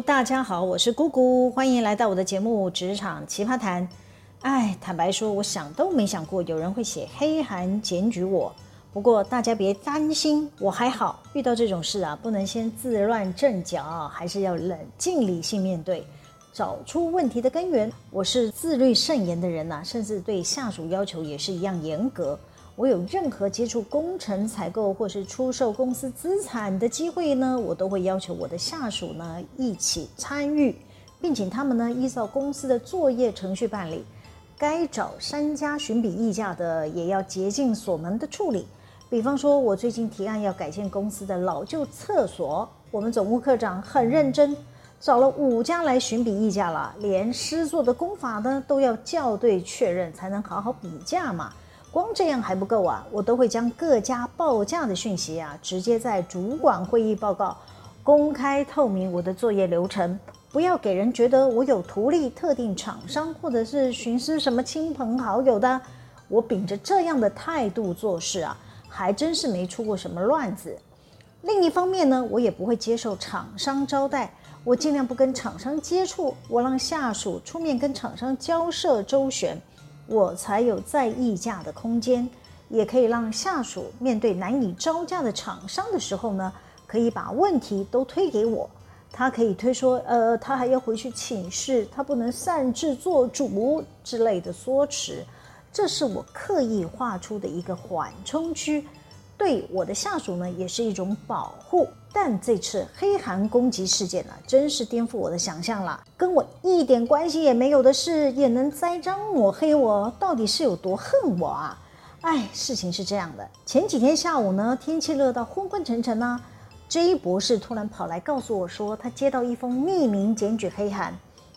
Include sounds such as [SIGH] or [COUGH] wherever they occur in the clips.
大家好，我是 Gugu，歡迎來到我的節目《職場奇葩談》。哎，坦白說，我想都沒想過有人會寫黑函檢舉我。不過大家別擔心，我還好。遇到這種事啊，不能先自亂陣腳，還是要冷靜理性面對，找出問題的根源。我是自律甚嚴的人吶、啊，甚至對下屬要求也是一樣嚴格。我有任何接觸工程採購或是出售公司資產的機會呢，我都會要求我的下屬呢一起參與，並請他們呢依照公司的作業程序辦理。該找三家詢比議價的，也要竭盡所能的處理。比方說，我最近提案要改建公司的老舊廁所，我們總務科長很認真，找了五家來詢比議價了，連施作的工法呢都要校對確認，才能好好比價嘛。光這樣還不夠啊！我都會將各家報價的訊息啊，直接在主管會議報告，公開透明我的作業流程，不要給人覺得我有圖利特定廠商，或者是徇私什麼親朋好友的。我秉着這樣的態度做事啊，還真是沒出過什麼亂子。另一方面呢，我也不會接受廠商招待，我盡量不跟廠商接觸，我讓下屬出面跟廠商交涉周旋。我才有再議價的空間，也可以讓下屬面對難以招架的廠商的時候呢，可以把問題都推給我。他可以推說，呃，他還要回去請示，他不能擅自做主之類的說辭。這是我刻意畫出的一個緩衝區。對，我的下屬呢也是一種保護，但這次黑函攻擊事件呢、啊，真是顛覆我的想象了。跟我一點關係也沒有的事，也能栽贓抹黑我，到底是有多恨我啊？哎，事情是這樣的，前幾天下午呢，天氣熱到昏昏沉沉呢、啊、，J 博士突然跑來告訴我說，他接到一封匿名檢舉黑函，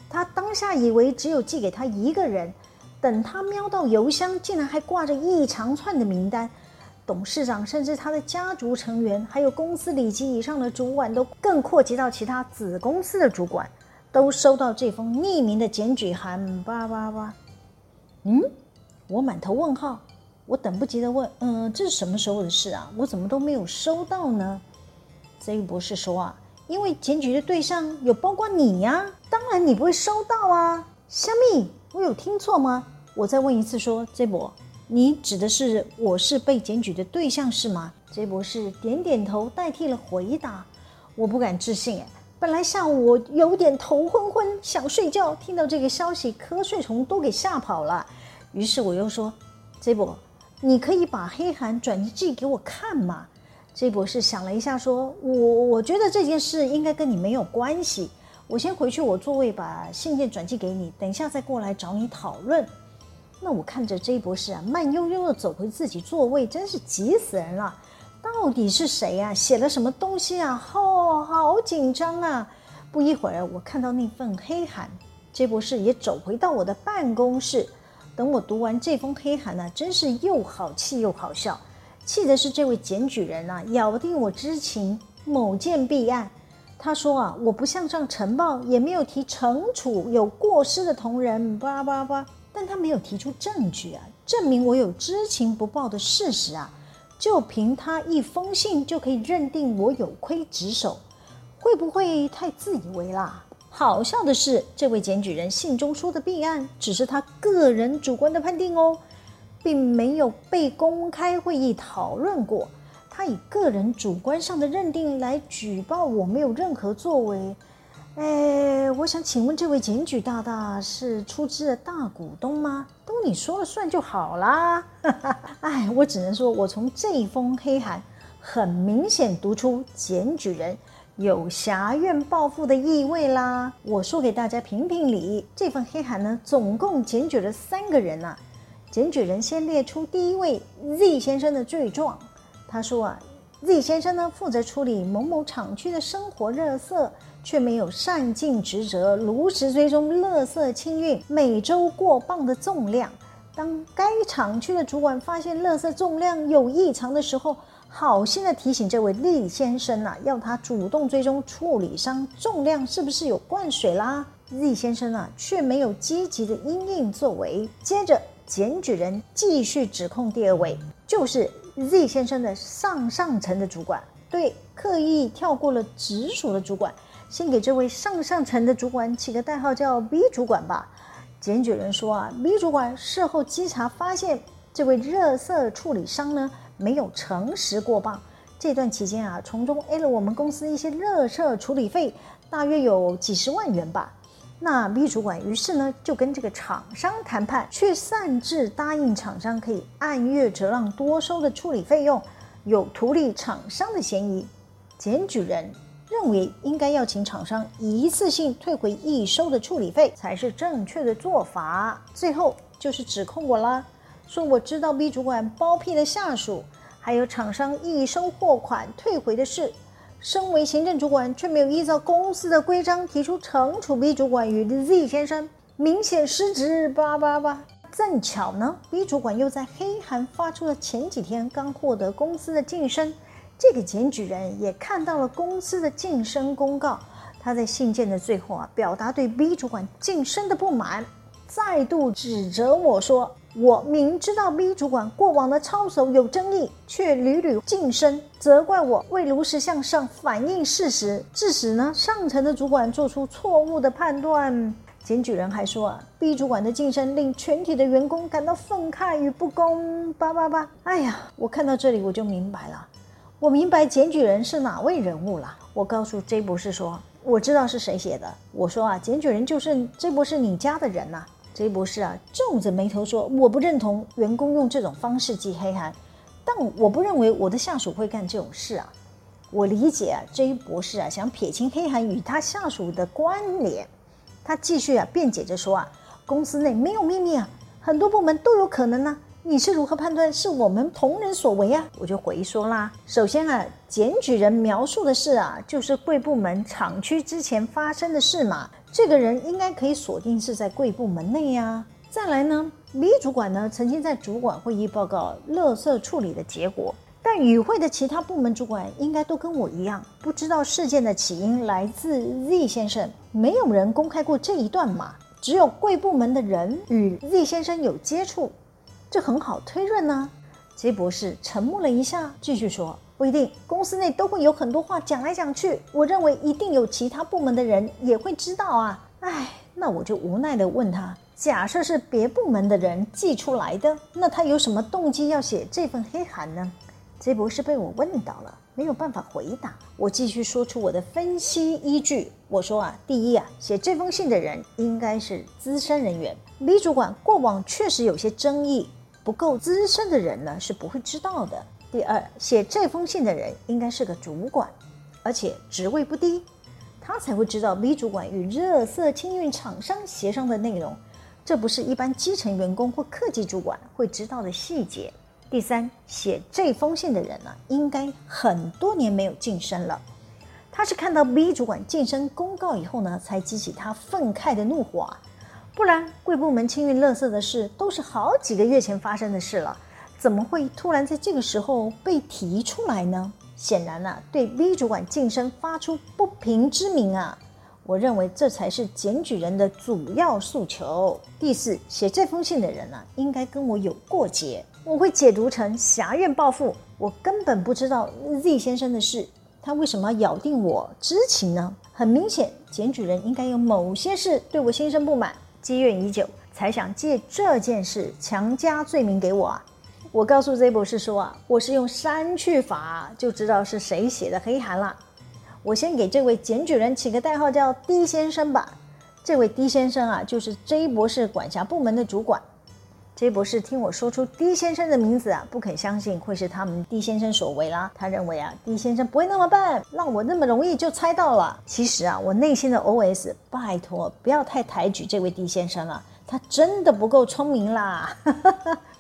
他當下以為只有寄給他一個人，等他瞄到郵箱，竟然還掛着一長串的名單。董事長，甚至他的家族成員，還有公司裡級以上的主管，都更擴及到其他子公司的主管，都收到這封匿名的檢舉函。叭叭叭，嗯，我滿頭問號，我等不及的問，嗯、呃，這是什麼時候的事啊？我怎麼都沒有收到呢？Z 博士說啊，因為檢舉的對象有包括你呀、啊，當然你不會收到啊。蝦米，我有聽錯嗎？我再問一次說，說這不。你指的是我是被檢舉的對象是嗎？J 博士點點頭代替了回答。我不敢置信，哎，本來下午我有點頭昏昏想睡覺，聽到這個消息，瞌睡蟲都給嚇跑了。於是我又說，J 博，你可以把黑函轉寄給我看嗎？J 博士想了一下說，說我我覺得這件事應該跟你沒有關係，我先回去我座位把信件轉寄給你，等一下再過來找你討論。那我看着 J 博士啊，慢悠悠地走回自己座位，真是急死人了。到底是誰啊？寫了什麼東西啊？好、哦、好緊張啊！不一會兒，我看到那份黑函，J 博士也走回到我的辦公室。等我讀完這封黑函呢、啊，真是又好氣又好笑。氣的是這位檢舉人吶、啊，咬定我知情某件弊案。他說啊，我不向上呈報，也沒有提懲處有過失的同仁。叭叭叭。但他沒有提出證據啊，證明我有知情不報的事實啊，就憑他一封信就可以認定我有虧職守，會不會太自以為啦？好笑的是，這位檢舉人信中說的弊案，只是他個人主觀的判定哦，並沒有被公開會議討論過。他以個人主觀上的認定來舉報，我沒有任何作為。哎，我想請問這位檢舉大大是出資的大股東嗎？都你說了算就好啦。哎， [LAUGHS] 我只能說我從這一封黑函很明顯讀出檢舉人有挾怨報復的意味啦。我說給大家評評理，這份黑函呢，總共檢舉了三個人呢、啊。檢舉人先列出第一位 Z 先生的罪狀，他說啊，Z 先生呢，負責處理某某廠區的生活熱色。卻沒有善盡職責，如實追蹤垃圾清運每周過磅的重量。當該廠區的主管發現垃圾重量有異常的時候，好心的提醒這位 Z 先生吶、啊，要他主動追蹤處理商重量是不是有灌水啦。Z 先生啊，卻沒有積極的因應作為。接着檢舉人繼續指控第二位，就是 Z 先生的上上層的主管，對刻意跳過了直屬的主管。先給這位上上層的主管起個代號叫 B 主管吧。檢舉人說啊，B 主管事後稽查發現，這位熱色處理商呢，沒有誠實過磅，這段期間啊，從中 a 了我們公司一些熱色處理費，大約有幾十萬元吧。那 B 主管於是呢就跟這個廠商談判，卻擅自答應廠商可以按月折讓多收的處理費用，有圖利廠商的嫌疑。檢舉人。認為應該要請廠商一次性退回已收的處理費，才是正確的做法。最後就是指控我了，說我知道 B 主管包庇的下屬，還有廠商已收貨款退回的事。身為行政主管，卻沒有依照公司的規章提出懲處 B 主管與 Z 先生，明顯失職。叭叭叭！正巧呢，B 主管又在黑函發出的前幾天剛獲得公司的晉升。這個檢舉人也看到了公司的晉升公告，他在信件的最後啊，表達對 B 主管晉升的不滿，再度指責我說：“我明知道 B 主管過往的操守有爭議，卻屢屢晉升，責怪我未如實向上反映事實，致使呢上層的主管做出錯誤的判斷。”檢舉人還說啊，B 主管的晉升令全體的員工感到憤慨與不公。叭叭叭，哎呀，我看到這裡我就明白了。我明白檢舉人是哪位人物了。我告訴 J 博士說，我知道是誰寫的。我說啊，檢舉人就是 J 博士你家的人吶、啊。J 博士啊，皺着眉頭說，我不認同員工用這種方式寄黑函，但我不認為我的下屬會幹這種事啊。我理解啊，J 博士啊，想撇清黑函與他下屬的關聯。他繼續啊，辯解着說啊，公司內沒有秘密啊，很多部門都有可能呢、啊。你是如何判斷是我們同仁所為啊？我就回說啦。首先啊，檢舉人描述的事啊，就是貴部門廠區之前發生的事嘛。這個人應該可以鎖定是在貴部門內呀、啊。再來呢，李主管呢曾經在主管會議報告垃圾處理的結果，但與會的其他部門主管應該都跟我一樣，不知道事件的起因來自 Z 先生。沒有人公開過這一段嘛，只有貴部門的人與 Z 先生有接觸。這很好推論呢、啊、傑博士沉默了一下，繼續說：“不一定，公司內都會有很多話講來講去。我認為一定有其他部門的人也會知道啊。唉，那我就無奈地問他：假設是別部門的人寄出來的，那他有什麼動機要寫這份黑函呢？”傑博士被我問到了。沒有辦法回答，我繼續說出我的分析依據。我說啊，第一啊，寫這封信的人應該是資深人員，V 主管過往確實有些爭議，不夠資深的人呢是不會知道的。第二，寫這封信的人應該是個主管，而且職位不低，他才會知道 V 主管與熱色清運廠商協商的內容，這不是一般基層員工或科技主管會知道的細節。第三，寫這封信的人呢、啊，應該很多年沒有晉升了。他是看到 B 主管晉升公告以後呢，才激起他憤慨的怒火、啊。不然，貴部門清運垃圾的事都是好幾個月前發生的事了，怎麼會突然在這個時候被提出來呢？顯然呢、啊，對 B 主管晉升發出不平之鳴啊，我認為這才是檢舉人的主要訴求。第四，寫這封信的人呢、啊，應該跟我有過節。我會解讀成挾怨報復，我根本不知道 Z 先生的事，他為什麼要咬定我知情呢？很明顯，檢舉人應該有某些事對我心生不滿，積怨已久，才想借這件事強加罪名給我啊！我告訴 Z 博士說啊，我是用刪去法就知道是誰寫的黑函了。我先給這位檢舉人起個代號叫 D 先生吧，這位 D 先生啊，就是 J 博士管轄部門的主管。J 博士聽我說出 D 先生的名字啊，不肯相信會是他們 D 先生所為啦。他認為啊，D 先生不會那麼笨，讓我那麼容易就猜到了。其實啊，我內心的 OS：拜托，不要太抬舉這位 D 先生了，他真的不夠聰明啦。 [LAUGHS]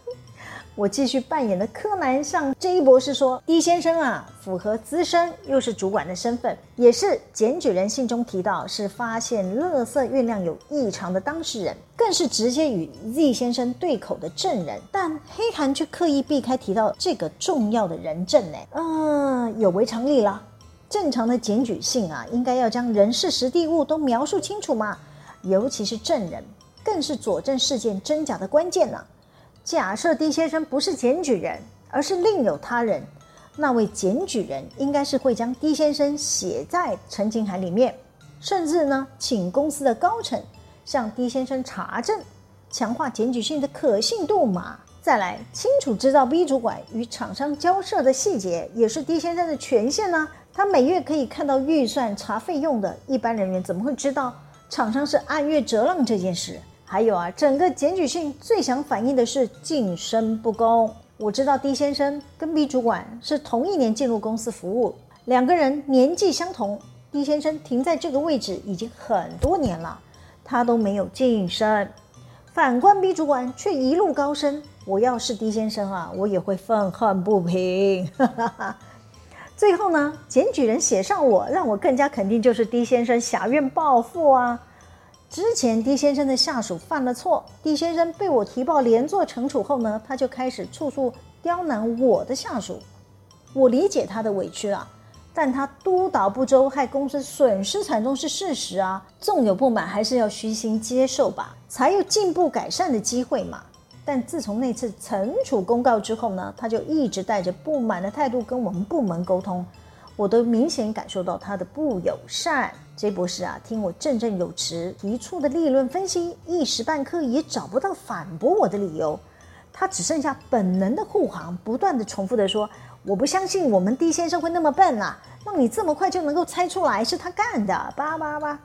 我繼續扮演的柯南向一博士說：“D 先生啊，符合資深又是主管的身份，也是檢舉人信中提到是發現樂色月亮有異常的當事人，更是直接與 Z 先生對口的證人。但黑函卻刻意避開提到這個重要的人證呢？嗯、呃，有違常理了。正常的檢舉信啊，應該要將人事、時地物都描述清楚嘛，尤其是證人，更是佐證事件真假的關鍵呢、啊。”假設 D 先生不是檢舉人，而是另有他人，那位檢舉人應該是會將 D 先生寫在陳情函裡面，甚至呢，請公司的高層向 D 先生查證，強化檢舉信的可信度嘛？再來清楚知道 B 主管與廠商交涉的細節，也是 D 先生的權限呢、啊？他每月可以看到預算查費用的一般人員，怎麼會知道廠商是按月折讓這件事？還有啊，整個檢舉信最想反映的是晉升不公。我知道 D 先生跟 B 主管是同一年進入公司服務，兩個人年紀相同，D 先生停在這個位置已經很多年了，他都沒有晉升，反觀 B 主管卻一路高升。我要是 D 先生啊，我也會憤恨不平。 [LAUGHS] 最後呢，檢舉人寫上我，讓我更加肯定就是 D 先生挾怨報復啊。之前狄先生的下屬犯了錯，狄先生被我提報連坐懲處後呢，他就開始處處刁難我的下屬。我理解他的委屈啊，但他督導不周，害公司損失慘重是事實啊。縱有不滿，還是要虛心接受吧，才有進步改善的機會嘛。但自從那次懲處公告之後呢，他就一直帶着不滿的態度跟我們部門溝通，我都明顯感受到他的不友善。J 博士啊，聽我振振有詞，一處的理論分析，一時半刻也找不到反駁我的理由，他只剩下本能的護航，不斷地重複地說：“我不相信我們 D 先生會那麼笨啊，讓你這麼快就能夠猜出來是他幹的。吧吧吧”叭叭叭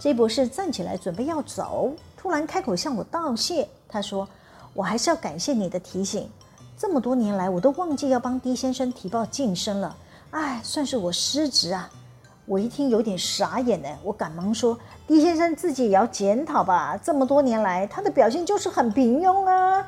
J 博士站起來準備要走，突然開口向我道謝，他說：“我還是要感謝你的提醒，這麼多年來我都忘記要幫 D 先生提報晉升了，哎，算是我失職啊。”我一聽有點傻眼呢，我趕忙說：“D 先生自己也要檢討吧，這麼多年來他的表現就是很平庸啊。”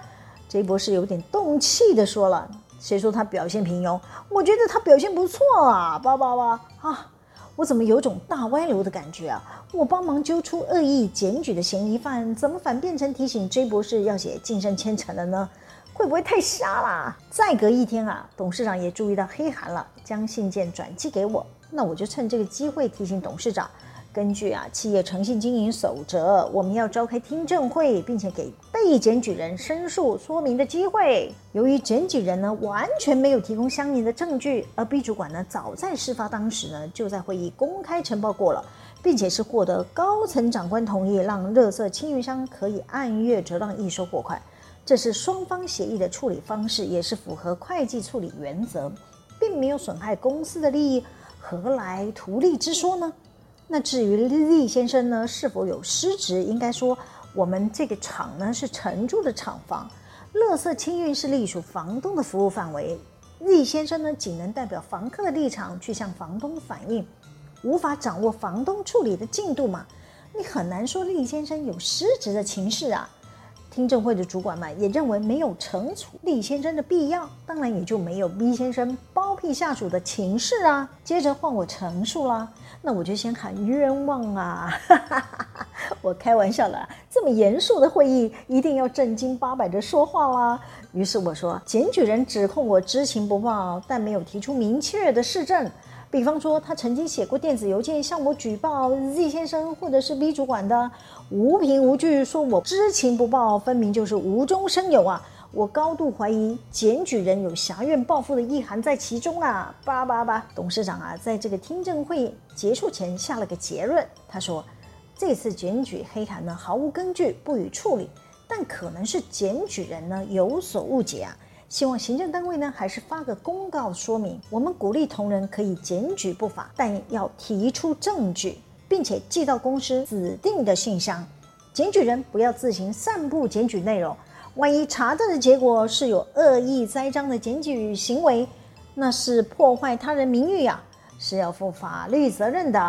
J 博士有點動氣的說了：“誰說他表現平庸？我覺得他表現不錯啊！”叭叭叭啊，我怎麼有種大歪樓的感覺啊？我幫忙揪出惡意檢舉的嫌疑犯，怎麼反變成提醒 J 博士要寫晉升簽呈了呢？會不會太傻啦？再隔一天啊，董事長也注意到黑函了，將信件轉寄給我。那我就趁這個機會提醒董事長，根據啊企業誠信經營守則，我們要召開聽證會，並且給被檢舉人申訴說明的機會。由於檢舉人呢完全沒有提供相應的證據，而 B 主管呢早在事發當時呢就在會議公開呈報過了，並且是獲得高層長官同意，讓樂色清運商可以按月折讓應收貨款，這是雙方協議的處理方式，也是符合會計處理原則，並沒有損害公司的利益。何來圖利之說呢？那至於厲先生呢，是否有失職？應該說，我們這個廠呢是承租的廠房，垃圾清運是隸屬房東的服務範圍。厲先生呢僅能代表房客的立場去向房東反映，無法掌握房東處理的進度嘛，你很難說厲先生有失職的情事啊。聽證會的主管們也認為沒有懲處李先生的必要，當然也就沒有 B 先生包庇下屬的情事啊。接着換我陳述啦，那我就先喊冤枉啊！ [LAUGHS] 我開玩笑了，這麼嚴肅的會議一定要正經八百的說話啦。於是我說，檢舉人指控我知情不報，但沒有提出明確的事證。比方說，他曾經寫過電子郵件向我舉報 Z 先生或者是 B 主管的，無憑無據，說我知情不報，分明就是無中生有啊！我高度懷疑檢舉人有挾怨報復的意涵在其中啊！叭叭叭，董事長啊，在這個聽證會結束前下了個結論，他說這次檢舉黑函呢毫無根據，不予處理，但可能是檢舉人呢有所誤解啊。希望行政單位呢，還是發個公告說明。我們鼓勵同仁可以檢舉不法，但要提出證據，並且寄到公司指定的信箱。檢舉人不要自行散布檢舉內容，萬一查到的結果是有惡意栽贓的檢舉行為，那是破壞他人名譽呀、啊，是要負法律責任的。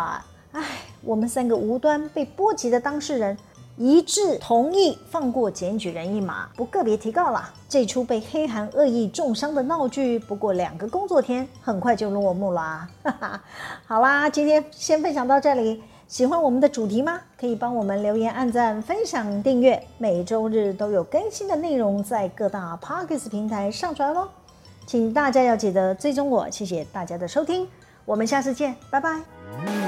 唉，我們三個無端被波及的當事人。一致同意放過檢舉人一馬，不個別提告了。這出被黑函惡意中傷的鬧劇，不過兩個工作天，很快就落幕了。哈哈，好啦，今天先分享到這裡。喜歡我們的主題嗎？可以幫我們留言、按讚、分享、訂閱。每周日都有更新的內容在各大 Podcast 平台上傳哦。請大家要記得追蹤我。謝謝大家的收聽，我們下次見，拜拜。嗯